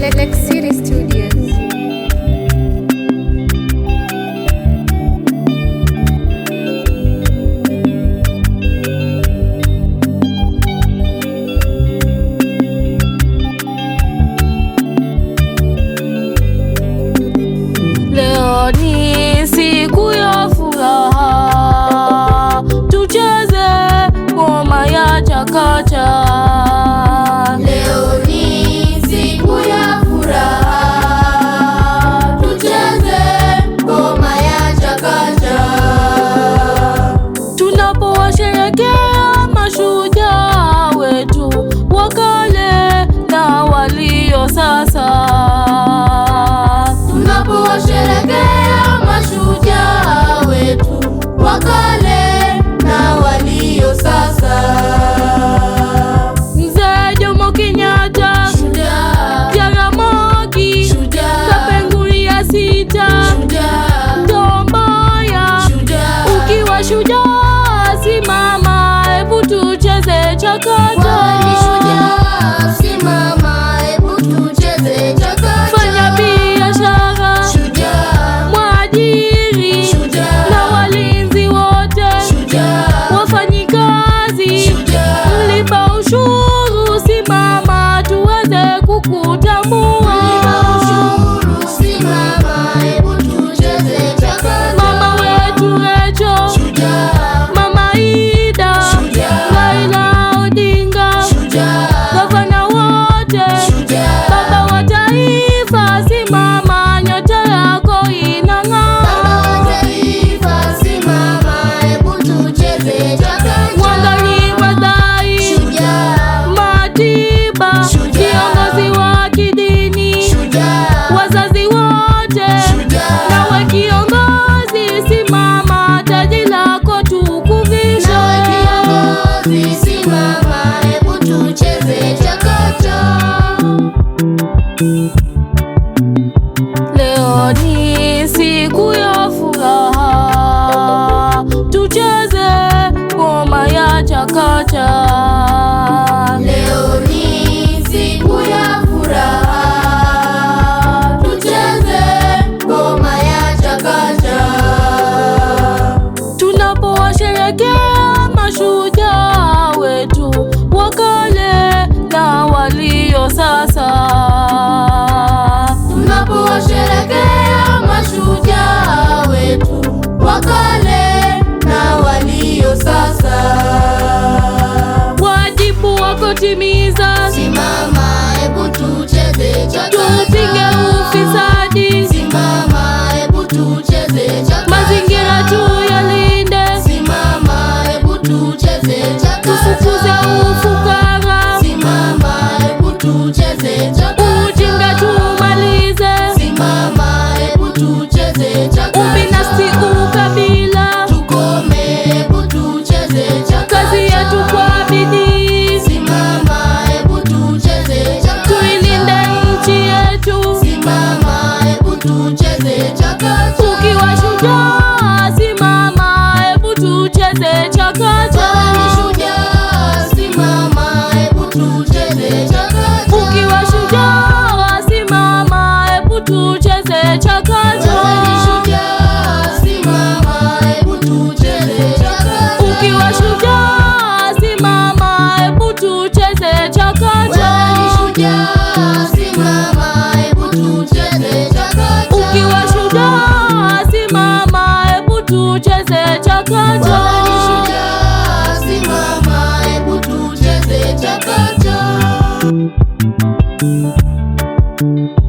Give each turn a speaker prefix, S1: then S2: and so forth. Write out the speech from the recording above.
S1: Lex City Studios.
S2: Leo ni siku
S3: sawasawa Oh. na kiongozi, simama taji lako tukuvisha.
S4: tucheze sasa. Mnapowasherekea mashujaa wetu wa kale na walio sasa,
S3: wajibu wako timiza.
S4: Simama, hebu tucheze chakana,
S3: tupinge ufisadi.
S4: Simama, hebu tucheze chakana,
S3: mazingira tu yalinde.
S4: Simama, hebu tucheze chakacha